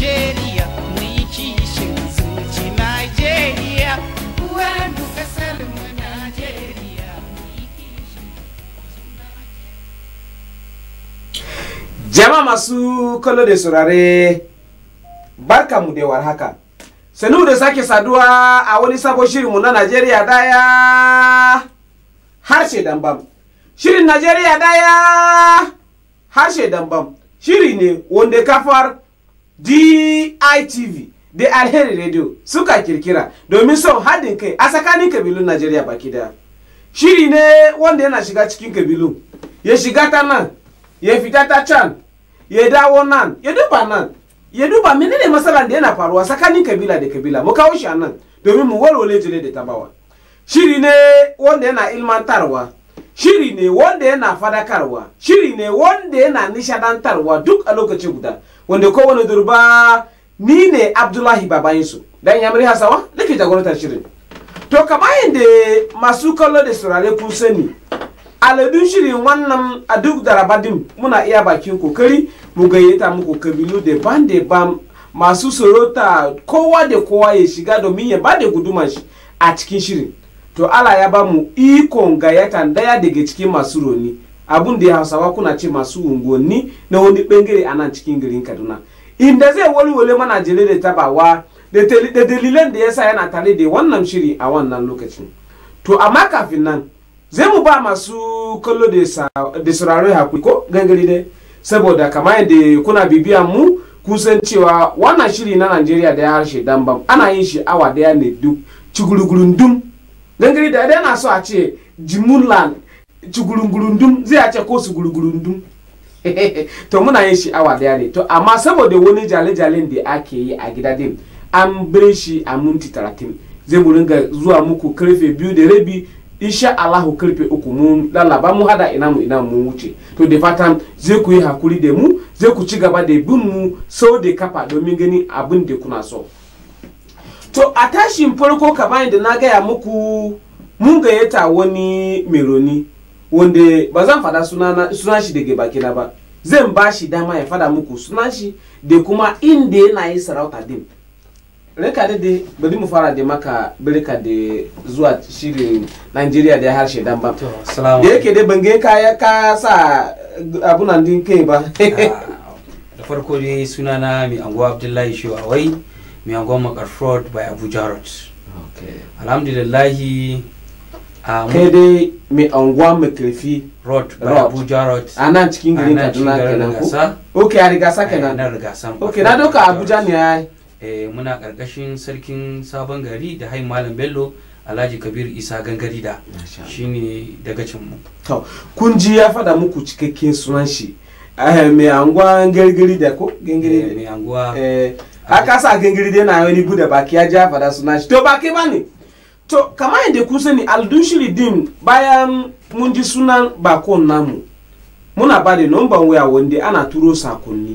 jama mu yi masu kallo da surare barka mu da warhaka Sanu da sake saduwa a wani sabon shirinmu na Najeriya daya harshe dambam. Shirin Najeriya daya harshe dambam. Shiri ne wanda kafar DITV da Alheri Radio suka kirkira domin son haɗin kai a tsakanin kabilun Najeriya baki daya. Shiri ne wanda yana shiga cikin kabilu, ya shiga ta nan, ya fita ta can, ya dawo nan, ya duba nan, ya duba menene matsalar da yana faruwa tsakanin kabila da kabila mu kawo shi a nan domin mu walwale jire da tabawa. Shiri ne wanda yana ilmantarwa, shiri ne wanda yana fadakarwa, shiri ne wanda yana nishadantarwa duk a lokaci guda. wanda kowane durba ni ne abdullahi babayinsu dan yamari hasawa ke jagorantar shirin to kama yadda masu kallo da surare kun sani aladun shirin wannan a duk darabadin muna iya bakin kokari mu gayyata muku kabilu da ban da ban masu sorota kowa da kowa ya shiga domin ya ba da guduman shi a cikin shirin to ala ya ba mu ikon gayyata daya daga cikin masu roni abun da ya hausawa kuna ce masu unguwanni na wani bangare a nan cikin garin kaduna inda zai walwale mana jere da tabawa da dalilan da sa yana tare da wannan shiri a wannan lokacin to amma kafin nan zai mu ba masu kallo da surare hakuri ko gangare dai saboda kamar yadda kuna bibiyan mu kusan cewa wannan shiri na najeriya da ya harshe dambam ana yin shi awa daya ne duk cigurugurun dum gangare da yana so a ce jimulan cigurungurundum zai ce ko su gurgurundum to muna yin sha'awa awa daya ne to amma saboda wani jale-jalen da ake yi a gida din an bar shi a minti talatin zai mu ringa zuwa muku karfe biyu da rabi insha Allahu karfe uku mun lalaba mu hada ina mu ina mu wuce to da fatan zai ku yi hakuri da mu zai ku ci gaba da bin mu sau da kafa domin gani abin da kuna so to a tashin farko kamar da na gaya muku mun gayyata wani meroni wande ba zan fada sunan shi daga bakina ba zan ba shi dama ya fada muku sunan shi da kuma inda yana yi sarauta din rika da dai bari mu fara da maka birka da zuwa shirin Najeriya da harshe dan ba da yake dai bange ka ka sa abunan din kai ba ah, da farko dai sunana mai anguwa Abdullahi Shawai mai anguwa Makarford by Abuja Road alhamdulillahi kai dai mai anguwa makarfi road by abuja road a nan cikin garin kaduna kenan ko ok a rigasa eh, kenan na rigasa ok na doka abuja ne ya yi eh, muna karkashin sarkin sabon gari da hai malam bello alhaji kabir isa gangari da shine daga cin mu to kun ji ya fada muku cikakken sunan shi eh, mai anguwa gangari da ko gangari mai anguwa haka sa gangari da yana wani bude baki ya ja fada sunan shi to baki ba ne to kamar yadda kun sani aldun shiri din bayan mun ji sunan bakon namu muna ba da numban waya wanda ana turo sakonni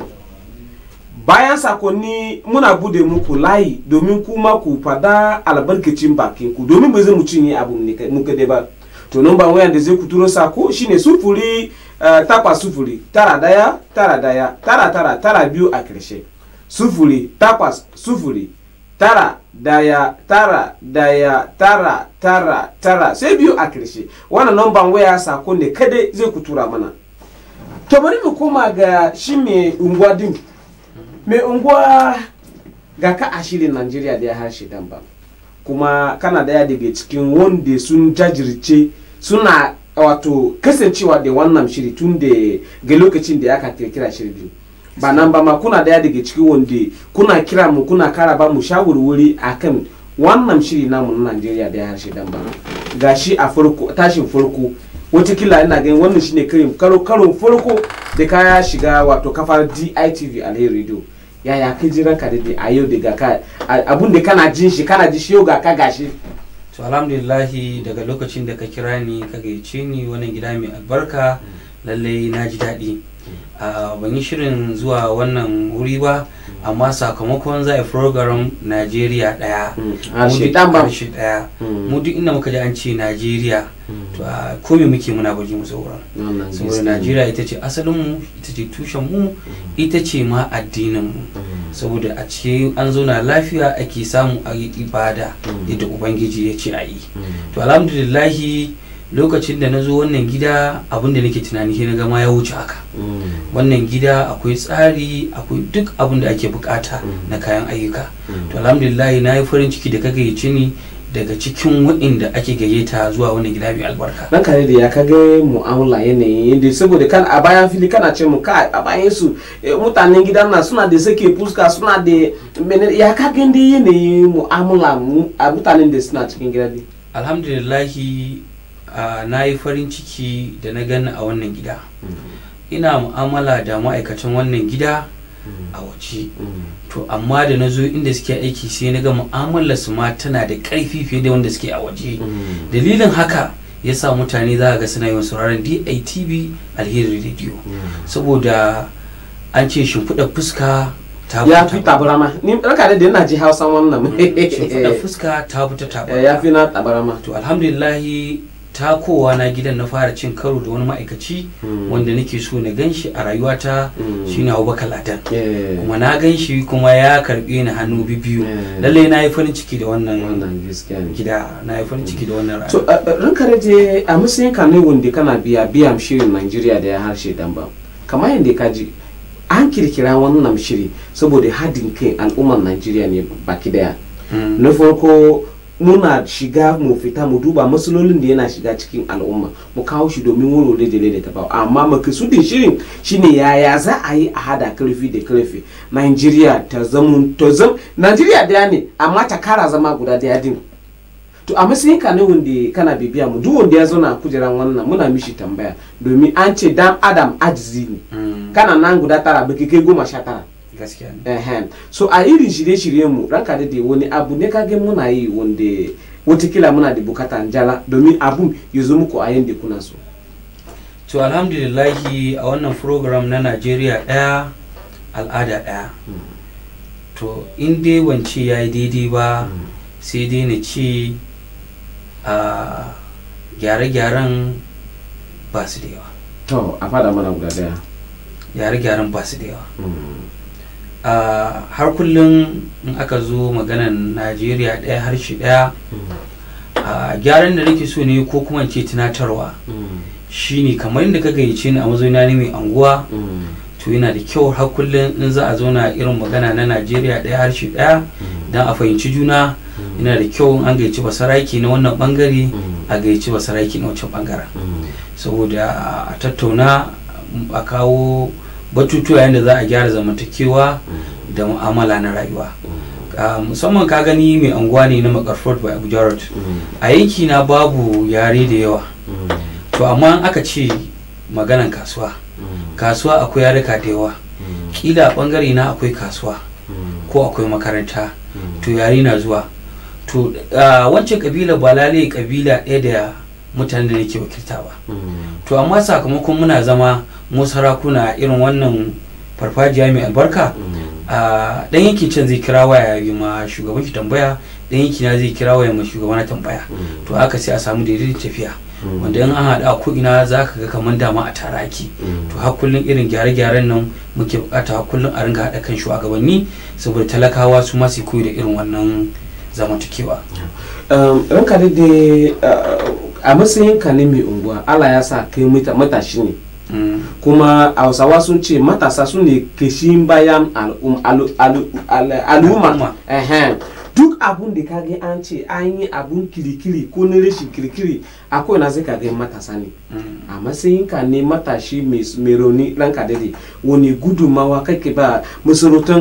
bayan sakonni muna bude muku layi domin kuma ku fada albarkacin bakin ku domin ba zai mu cinye abu muka da ba to numban waya da zai ku turo sako shine sufuri uh, eh, takwa sufuri tara daya tara daya tara tara tara biyu a karshe sufuri takwas sufuri tara daya tara daya tara tara tara sai biyu a karshe wannan numban waya sako ne kadai zai ku tura mana to bari mu koma ga shi mai unguwa din mai unguwa ga ka a shirin najeriya da ya harshe dan ba kuma kana daya daga cikin wanda sun jajirce suna wato kasancewa da wannan shiri tun da ga lokacin da ya ka kirkira shiri biyu ba nan ba ma kuna daya daga ciki wanda kuna kira mu kuna kara ba mu shawarwari akan wannan shiri namu na Najeriya da ya harshe dan ba gashi a farko tashin farko watakila ina ganin wannan shine karin karo karo farko da ya shiga wato kafar DITV alheri radio yaya kai ji ranka da a yau daga ka abun da kana jin shi kana ji shi yau ga ka gashi to alhamdulillah daga lokacin da ka kira ni ka gayyace ni wannan gida mai albarka lallai na ji daɗi ban yi shirin zuwa wannan wuri ba amma sakamakon za program najeriya daya shi daya mu duk inda muka ji an ce najeriya hmm. to a kome muke muna baji mu sauran saboda najeriya ita ce asalin mu ita ce tushen mu hmm. ita ce ma addinin mu hmm. saboda a ce an zo na lafiya ake samu a yi ibada yadda ubangiji ya ce a yi to alhamdulillahi lokacin da na zo wannan gida abin da nake tunani sai na gama ya wuce haka mm. wannan gida akwai tsari akwai duk abin da ake bukata mm. na kayan ayyuka mm. to alhamdulillah na yi farin ciki da ka yace ni daga cikin waɗanda ake gayyata zuwa wannan gida mai albarka. dan kare da ya kaga mu'amala yanayin yadda saboda kan a bayan fili kana ce mu ka a bayan su eh, mutanen gida na suna da sake fuska suna da ya kaga da yanayin mu'amala a mutanen da suna cikin gida ne. Alhamdulillahi na yi farin ciki da na gani a wannan gida ina mu'amala da ma'aikatan wannan gida a waje to amma da na zo inda suke aiki sai na ga mu'amalar su ma tana da ƙarfi fiye da wanda suke a waje dalilin haka ya sa mutane za ga suna yawan sauraron DITV alheri radio saboda an ce shimfiɗa fuska ta ya fi tabarama ma ni raka da yana ji hausa wannan shimfiɗa fuska ta fi ta tabarama ya fi na tabarama ma to alhamdulillahi takowa na gidan na fara cin karo da wani ma'aikaci hmm. wanda nake so na gan shi a rayuwata hmm. shine abubakar ladan eh. kuma na gan shi kuma ya karbe ni hannu biyu eh. lalle na yi farin ciki da wannan gida na yi farin ciki da wannan rayuwa. so eh, ranka raje a matsayin ka ne wanda kana biya biya shirin nigeria da ya harshe dan ba kamar yadda ka ji an kirkira wannan shiri saboda hadin kai al'ummar nigeria ne baki daya hmm. na farko muna shiga mu fita mu duba matsalolin da yana shiga cikin al'umma mu kawo shi domin wurare da da ba amma makasudin shirin shine yaya za a yi a hada karfi da karfi Najeriya ta zama ta zam Najeriya daya ne amma ta kara zama guda daya din to a matsayin ka wanda kana bibiya mu duk wanda ya zo na kujeran wannan muna mishi tambaya domin an ce dan adam ajizi ne mm. kana nan guda tara baki kai goma sha tara ne so a irin shirye-shiryen mu ranka da wani abu ne kage muna yi wanda watakila muna da bukata jala domin abun ya zo muku a yadda kuna so to alhamdulillahi a wannan program na najeriya ɗaya al'ada ɗaya hmm. to in dai wance ya yi daidai ba hmm. sai dai na ce a gyare-gyaren ba su da yawa to a fada mana guda daya gyare-gyaren ba su da yawa hmm. har kullum in aka zo maganan najeriya ɗaya harshe ɗaya a gyaran da nake so ne ko kuma ce tunatarwa shine kamar inda ka gayyace ni a mazauna ne mai anguwa to yana da kyau har kullum in za a zauna irin magana na najeriya ɗaya harshe ɗaya don a fahimci juna yana da kyau in an gayyaci basaraki na wannan bangare a gayyaci basaraki na wancan bangaren saboda a tattauna a kawo batutuwa yadda za a gyara zamantakewa da mu'amala na rayuwa mm. ah, musamman ka gani mai anguwa ne na makarford by abuja mm. a yanki na babu yare da yawa mm. to amma aka ce maganan kasuwa kasuwa akwai yarika da yawa kila bangare na akwai kasuwa ko akwai makaranta to yare na zuwa to ah, wancan kabila ba lalai kabila ɗaya da mutanen da nake wakilta ba to amma sakamakon muna zama mu sarakuna irin wannan farfajiya mai albarka mm. a dan yankin can zai kira waya yi ma shugaban shi tambaya dan yanki na zai kira waya ma shugaban tambaya mm. to aka sai a samu daidaiton tafiya mm. wanda in an haɗa ko ina za ka ga kamar dama a ake to har irin gyare-gyaren nan muke bukata kullum a ringa haɗa kan shugabanni saboda talakawa su ma koyi da irin wannan zamantakewa um, ranka da uh, a matsayin ka ne mai unguwa Allah ya sa kai matashi ne kuma hausawa sun ce matasa su ne kashin bayan al'umma duk abun da kage an ce an yi abun kirikiri ko na rashin kirikiri akwai na zai ga matasa ne mm. a matsayin ka ne matashi mai rauni ka dade wani gudumawa kake ba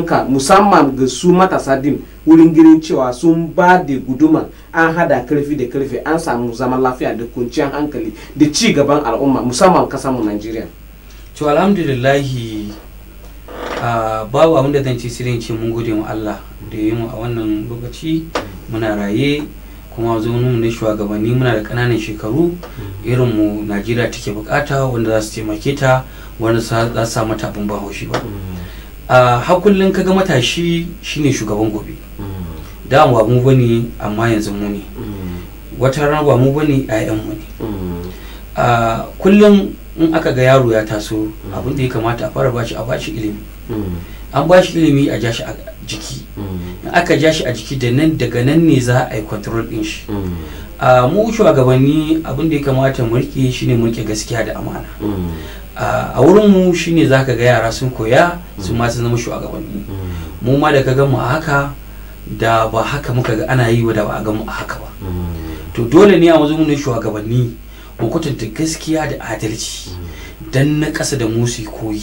ka musamman ga su matasa din wurin girin cewa sun ba da guduma an hada karfi da karfi an samu zaman lafiya da kunciyar hankali da ci gaban al'umma musamman kasanmu najeriya to alhamdulillahi ah, babu abin da zan ci sirin ce mun gode mu allah da yi a wannan lokaci muna raye kuma zaunin na shugabanni muna da kananan shekaru irin mu najeriya take bukata wanda za su taimake ta wanda za su sa mata abin ba haushi ba a hakullin kaga matashi shine shugaban gobe da ba mu bane amma yanzu mu ne wata rana ba mu bane ƴaƴan mu ne a kullum in aka ga yaro ya taso abin da ya kamata a fara bashi a bashi ilimi an ba shi ilimi a jashi a jiki in mm. aka jashi a jiki da nan daga nan ne za a yi control din shi mm. a mu shugabanni abin da ya kamata mu rike shine mu rike gaskiya da amana mm. a wurin mu shine za ka ga yara sun koya su ma sun zama shugabanni mu ma da ka ga mu a haka da ba haka muka ga ana yi wa da ba a ga mu a haka ba to dole ne a mazun ne shugabanni mu kwatanta gaskiya da adalci dan na ƙasa da musu koyi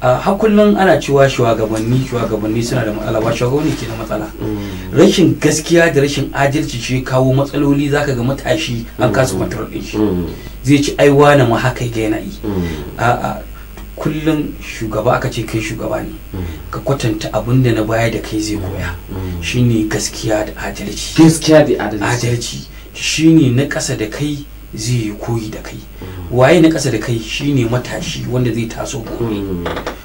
har kullum ana cewa shugabanni shugabanni suna da matsala ba shugabanni ke da matsala mm. rashin gaskiya da rashin adalci shi kawo matsaloli zaka ga matashi an mm. kasa matar din shi mm. zai ci ai wani ma haka ga yana yi a'a kullum shugaba aka ce kai shugaba ne ka kwatanta abin da na baya da kai zai koya shine gaskiya da adalci gaskiya da adalci adalci shine na ƙasa da kai zai yi koyi da kai waye na ƙasa da kai shine matashi wanda zai taso gobe mm.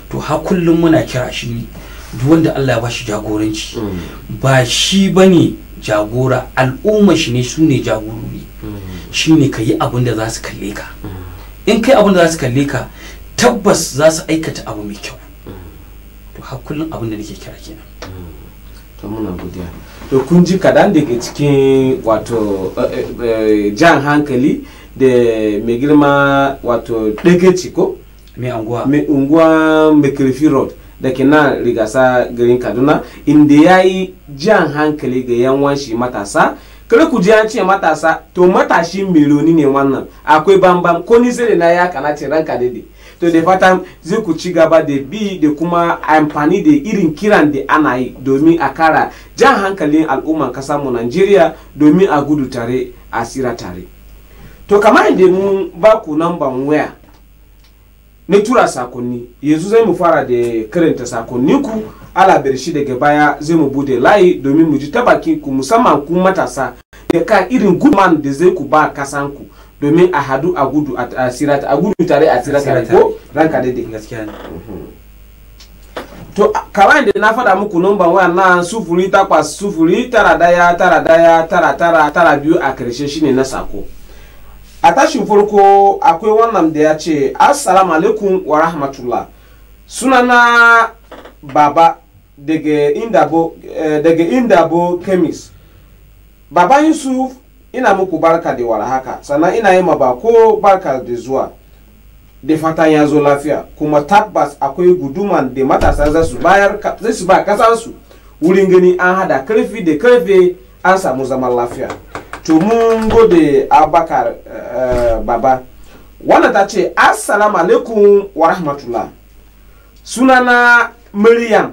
to har kullum muna kira shi duk wanda Allah ya bashi jagoranci mm. ba shi bane jagora al'umma shi ne su ne jagorori mm. shine ka yi abin da za su kalle ka in kai abin da za su kalle ka tabbas za su aikata abu mai kyau to har kullum abin da nake kira kenan to muna godiya to kun ji kadan daga cikin wato eh, eh, eh, jan hankali da mai girma wato ɗagaci ko mai unguwa mai unguwa mai road da ke nan rigasa garin kaduna inda ya yi jan hankali ga yan shi matasa kare ku ji an ce matasa to matashi roni ne wannan akwai bambam ko ni zai na ya kana ce ranka daidai to da fatan zai ku ci gaba da bi da kuma amfani da irin kiran da ana yi domin a kara jan hankalin al'umman kasar mu Najeriya domin a gudu tare a sira tare to kamar yadda mu ba ku namban waya na tura sakonni yanzu zai mu fara da karanta sakonni ku ala bershi daga baya zai mu bude layi domin mu ji ta ku musamman ku matasa da ka irin guman da zai ku ba kasan ku domin a hadu a gudu a sirata a gudu tare a tare ko ranka daidai gaskiya ne mhm. to kawai da na faɗa muku number 1 na sufuri takwas sufuri tara daya tara daya tara tara tara biyu a karshe shine na sako a tashin farko akwai wannan da ya ce assalamu alaikum wa rahmatullah sunana baba daga indabo eh, daga indabo kemis baba yusuf ina muku barka da warhaka sannan ina yi ba ko barka da zuwa da fatan ya zo lafiya kuma tabbas akwai guduman da matasa za su bayar zai su ba kasansu wurin gani an hada karfi da karfe an samu zaman lafiya to mun gode abakar eh, baba wannan ta ce assalamu alaikum wa rahmatullah sunana maryam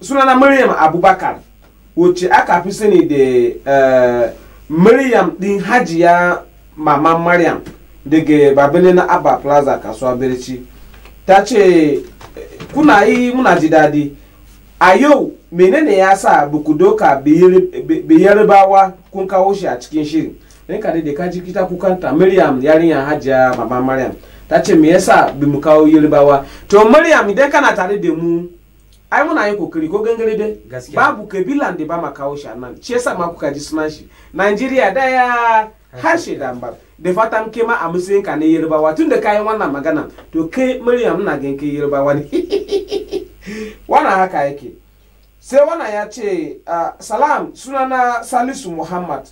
sunana maryam abubakar wacce aka fi sani da uh, maryam din hajiya mama maryam daga babelina abba plaza kasuwa birci ta ce kuna yi muna ji dadi a yau menene ya sa buku doka biyarbawa kun kawo shi a cikin shirin don ka da ka ji kita kukanta maryam yarinya hajiya mama maryam ta ce me yasa bi mu kawo yarbawa to maryam idan kana tare da mu ai muna yin kokari ko gangare dai babu kabilan da ba makawo shi nan shi yasa ma kuka ji sunan shi Najeriya daya harshe da ambar da fatan ke ma a musulun ka ne yarbawa tun da kayan wannan magana to kai Maryam na gan kai yarbawa ne wannan haka yake sai wannan ya ce salam sunana Salisu Muhammad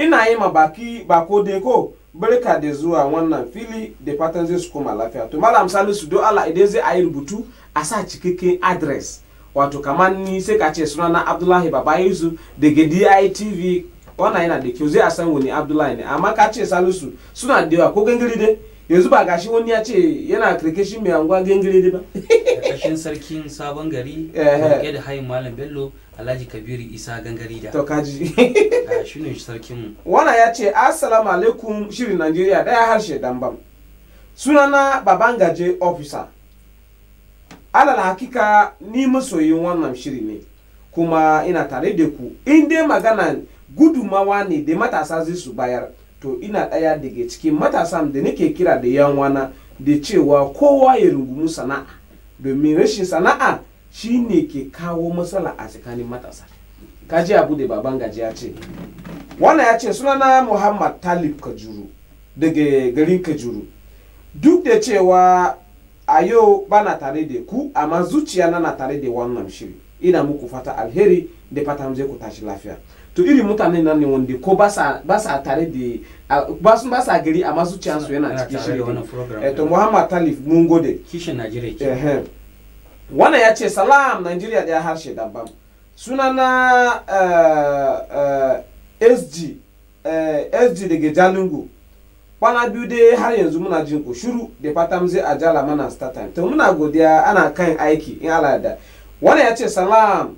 ina yi ma baki ko. deko barka da zuwa wannan fili da fatan zai su koma lafiya to malam salisu do allah idan zai a yi rubutu a sa cikakken adres wato kamar ni sai ka ce na abdullahi baba yusu daga ditv wannan yana da kyau zai a san wani abdullahi ne amma ka ce salisu suna da yawa ko gangare dai yanzu ba gashi wani ya ce yana karkashin mai anguwa gangare ba karkashin sarkin sabon gari rike da hayin malam bello alhaji kabiru isa gangare da to kaji ah, shi ne sarkin mu wana ya ce assalamu alaikum shirin najeriya daya harshe dambam sunana baban gaje officer alal hakika ni masoyin wannan shiri ne kuma ina tare da ku in magana gudumawa ne da matasa zai su bayar to ina ɗaya daga cikin matasan da nake kira da yanwana da cewa kowa ya rungumi sana'a domin rashin sana'a shi ne ke kawo matsala a tsakanin matasa kaji abu da baban gaji ya ce wannan ya ce sunana muhammad talib kajuru daga garin kajuru duk da cewa a yau bana tare da ku amma zuciya na tare da wannan shiri ina muku fata alheri da fata zai ku tashi lafiya to iri mutane nan ne wanda ko ba sa tare da ba sun ba sa gari amma zuciyarsu yana cikin shirin eto eh, muhammad talif mun gode kishin najeriya wannan ya ce salam najeriya ɗaya harshe daban suna na eh, eh, sg sg daga jalingo kwana biyu dai har yanzu muna jin ku shiru da fatan zai ajala jala mana startime to muna godiya ana kan aiki in ala da wannan ya ce salam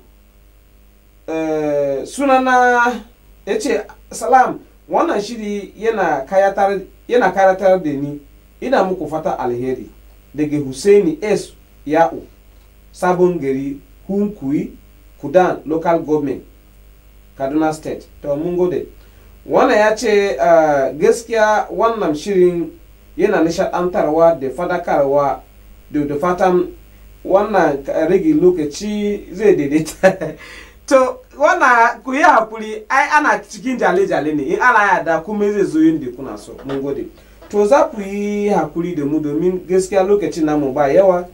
Eh, sunana ya ce salam wannan shiri yana karatar da ni ina muku fata alheri daga Hussaini S. Ya'u sabon gari Hunkuyi Kudan local government Kaduna state to mun gode wannan ya ce eh, gaskiya wannan shirin yana nishadantarwa da fadakarwa da fatan wannan rage lokaci zai daidaita to wana kuya hakuri ai ana cikin jale-jale ne in ana yada kuma zai zo yin da na so mun gode to za ku yi hakuri da mu domin gaskiya lokacin namu ba yawa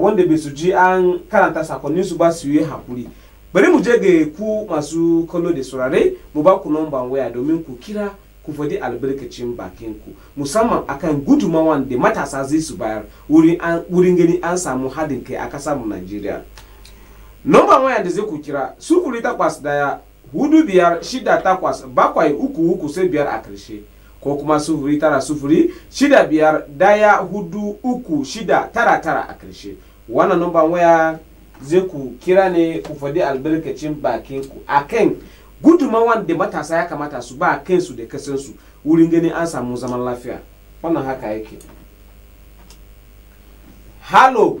wanda bai su ji an karanta sakonnin su ba su yi hakuri bari mu je ga ku masu kallo da surare mu ba ku nomban waya domin ku kira ku faɗi albarkacin bakin ku musamman akan gudumawan da matasa zai su bayar wurin gani an samu haɗin kai a ƙasar mu najeriya nomban wayanda zai ku kira sufuri takwas daya hudu biyar shida takwas bakwai uku uku sai biyar a karshe ko kuma sufuri tara sufuri shida biyar daya hudu uku shida tara tara a karshe wannan nomban waya zai ku kira ne ku faɗi albarkacin bakin ku akan gudunmawan da matasa ya kamata su ba kansu da kasansu wurin ganin an samu zaman lafiya wannan haka yake halo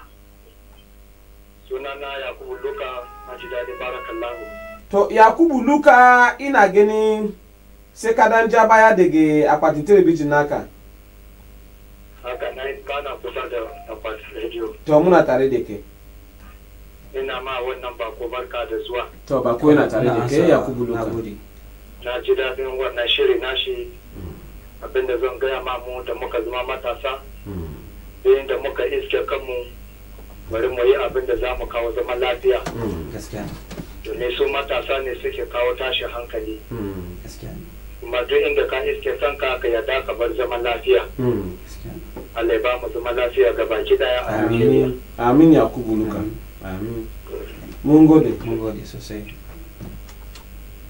sunana yakubu luka a ji daɗi barakallahu to yakubu luka ina gani sai ka dan ja baya daga akwatin telebijin naka haka na yi kana kusa da akwatin rediyo to muna tare da ke ina ma wannan bako barka da zuwa to bako yana tare da ke yakubu luka na ji daɗin wannan shiri nashi abinda zan gaya ma mu da muka zama matasa hmm. da da muka iske kanmu bari mu yi abin da za mu kawo zaman lafiya hmm. domin su matasa ne suke kawo tashin hankali hmm. kuma duk inda ka iske son ka ka yarda ka bar zaman lafiya hmm. Allah ba mu zaman lafiya ga baki daya a Najeriya amin ku nuka amin mun gode mun gode sosai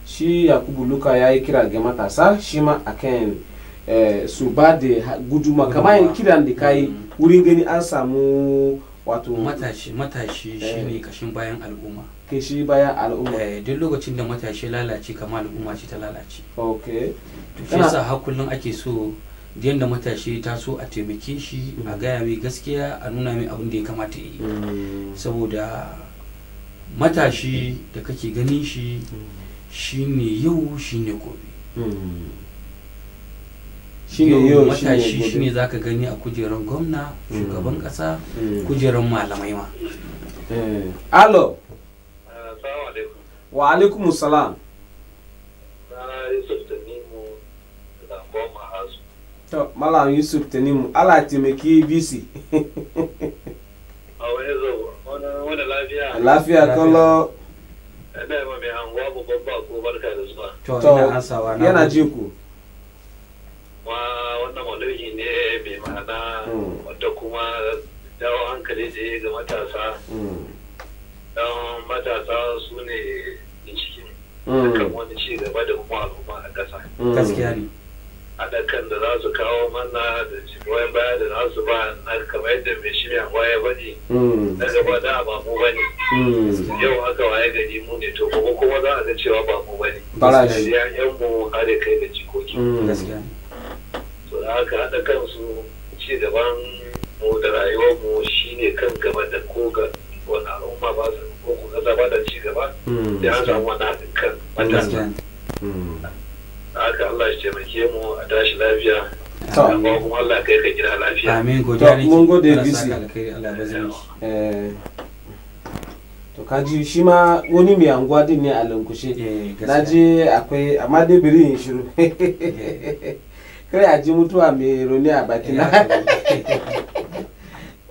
shi yakubu luka ya yi kira ga matasa shi ma kan eh, su ba da guduma kamar kiran da yi wurin gani an samu wato matashi matashi eh. shine kashin bayan al'umma ke shi bayan al'umma eh duk lokacin da matashi lalace kama al'umma ce ta lalace okay to shi ake so yadda matashi ta so a taimake shi a gaya mai gaskiya a nuna mai abin da ya kamata yi mm. saboda matashi da kake ganin shi mm. shine yau shine gobe mm. shine yau matashi shine zaka gani a kujeran gwamna mm. shugaban kasa mm. kujeran malamai ma eh. alo eh, wa alaikum salam to malam yusuf tanimu ala taimaki bc lafiya kallo yana ji ku rana mm. wadda kuma dawo hankali da ya ga matasa mm. don matasa su ne cikin mm. kan wani ci gaba da kuma al'umma a ƙasa gaskiya ne haɗakan da za su kawo mana da cikin baya da za su ba na kamar yadda mai shirya waya ba ne na gaba da ba mu ba ne yau haka waye gari mu ne to kuma kuma za a ga cewa ba mu ba ne. ba Bara shi. Yan mu har kai da jikoki. saboda haka haɗa kansu ci gaban mu da rayuwar mu shi ne kan gaba da koga wani al'umma ba su ko ku kasa da ci gaba da hmm, an samu wani haɗin kan matasa hmm. haka Allah shi taimake mu a tashi lafiya to amma kuma Allah kai ka gida lafiya amin mun gode bisi eh, to kaji shi ma wani mai anguwa din ne a lankushe eh, na je akwai amma dai biri shiru eh, kar a ji mutuwa mai roni a baki na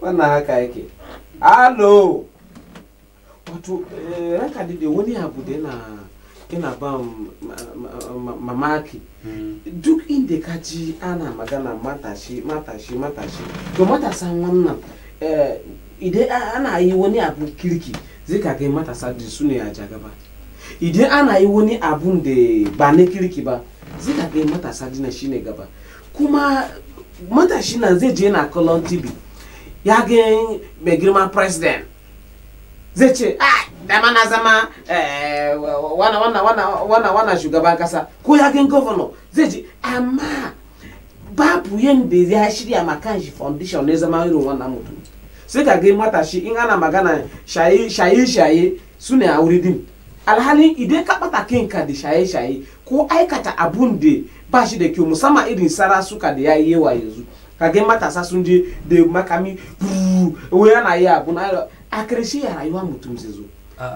wannan haka yake alo wato eh, ranka da wani abu da yana yana ba mamaki hmm. duk inda ka ji ana magana matashi matashi matashi to matasan wannan eh, idan ana yi wani abu kirki zai ka kai matasa da su ne a jagaba idan ana yi wani abun da ba na kirki ba zai ga matasa dina shine gaba kuma matashi na zai je na kallon tv ya ga mai girman president zai ce ah dama na zama eh, wana shugaban kasa ko ya ga governor zai ce amma babu yadda ya shirya ma kanshi foundation ne zama irin wannan mutum sai ka ga matashi in ana magana shaye shaye su ne a wuridin alhalin idan ka bata kinka da shaye shaye ko aikata abun da ba shi da kyau musamman irin sarasuka da ya yi yawa yanzu kage matasa sun je da makami wai yana yi abu na a karshe ya rayuwa mutum zai zo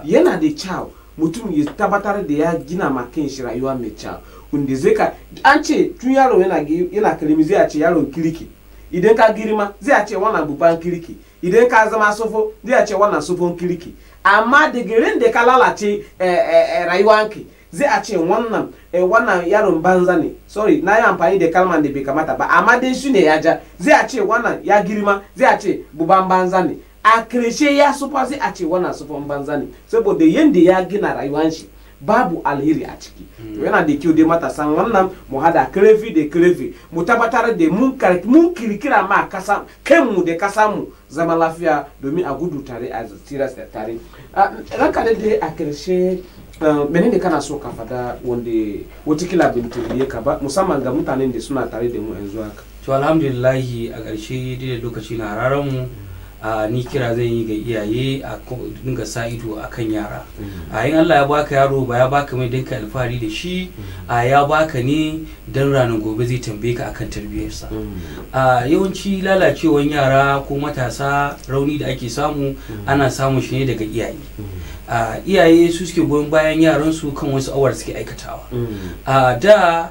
yana da kyau mutum ya tabbatar da ya gina ma shi rayuwa mai kyau wanda zai ka an ce tun yaro yana yana kalmi zai ce yaro kirki idan ka girma zai ce wannan babban kirki idan ka zama sofo zai ce wannan sofon kirki amma daga da ka lalace eh, eh, eh, rayuwanki zai a ce wannan eh, wannan yaron banza ne sorry na yi amfani da kalman da bai kamata ba amma dai shi ne ya ja zai a ce wannan ya girma zai a ce buban banza ne a karshe ya sufa sai a ce wannan sufan banza ne saboda yadda ya gina rayuwar shi babu alheri a ciki to hmm. yana da kyau dai matasan wannan mu hada kirefi da kirefi mu tabbatar da mun mun kirkira ma kasa mu da kasa mu zama lafiya domin a gudu tare a tsira tare ah, ranka da a karshe Eh, ne kana so ka fada wanda watakila bintu turiye ka ba musamman ga mutanen da suna tare da mu yanzu haka to alhamdulillahi a ƙarshe daidai lokaci na hararan mu a ni kira zan yi ga iyaye a dinga sa ido a yara mm-hmm. a allah ya baka yaro ba ya baka mai dinka alfahari da shi mm-hmm. a ya baka ne don ranar gobe zai tambaye ka akan tarbiyyarsa mm-hmm. a yawanci lalacewar yara ko matasa rauni da ake samu ana samun shi ne daga iyaye iyaye su suke goyon bayan yaran su kan wasu awar suke aikatawa mm. a da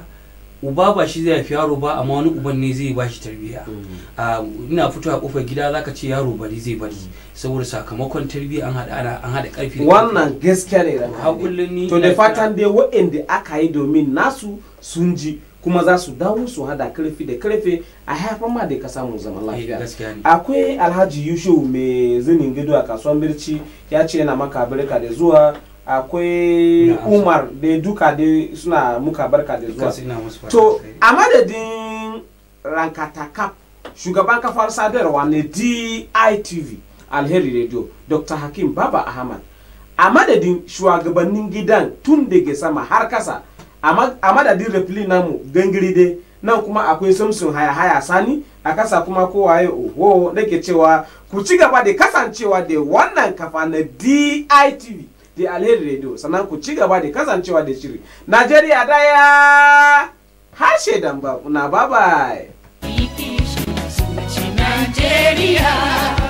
uba ba shi zai haifi yaro ba amma wani uban ne zai ba shi tarbiyya mm. ina fito a kofar gida zaka ce yaro bari zai bari saboda sakamakon tarbiyya an hada an hada karfi wannan gaskiya ne da kullun ni to da fatan dai waɗanda aka yi domin nasu sun ji kuma za su dawo su hada karfi da karfe a haifar ma da ka samu zaman eh, lafiya akwai alhaji yusuf mai zinin gido a kasuwan birci ya ce yana maka barka da zuwa akwai umar da duka da suna muka barka da zuwa to a madadin rankatakap shugaban kafar sadarwa na ditv alheri radio dr hakim baba ahmad a madadin shugabannin gidan tun daga sama har kasa a madadin repli namu gangiride nan kuma akwai samson haya-haya sani a kasa kuma kowaye oho nake cewa ku ci gaba da kasancewa da wannan kafa na DITV da alheri radio sannan ku ci gaba da kasancewa da shiri Najeriya daya harshe dan na bye bye Najeriya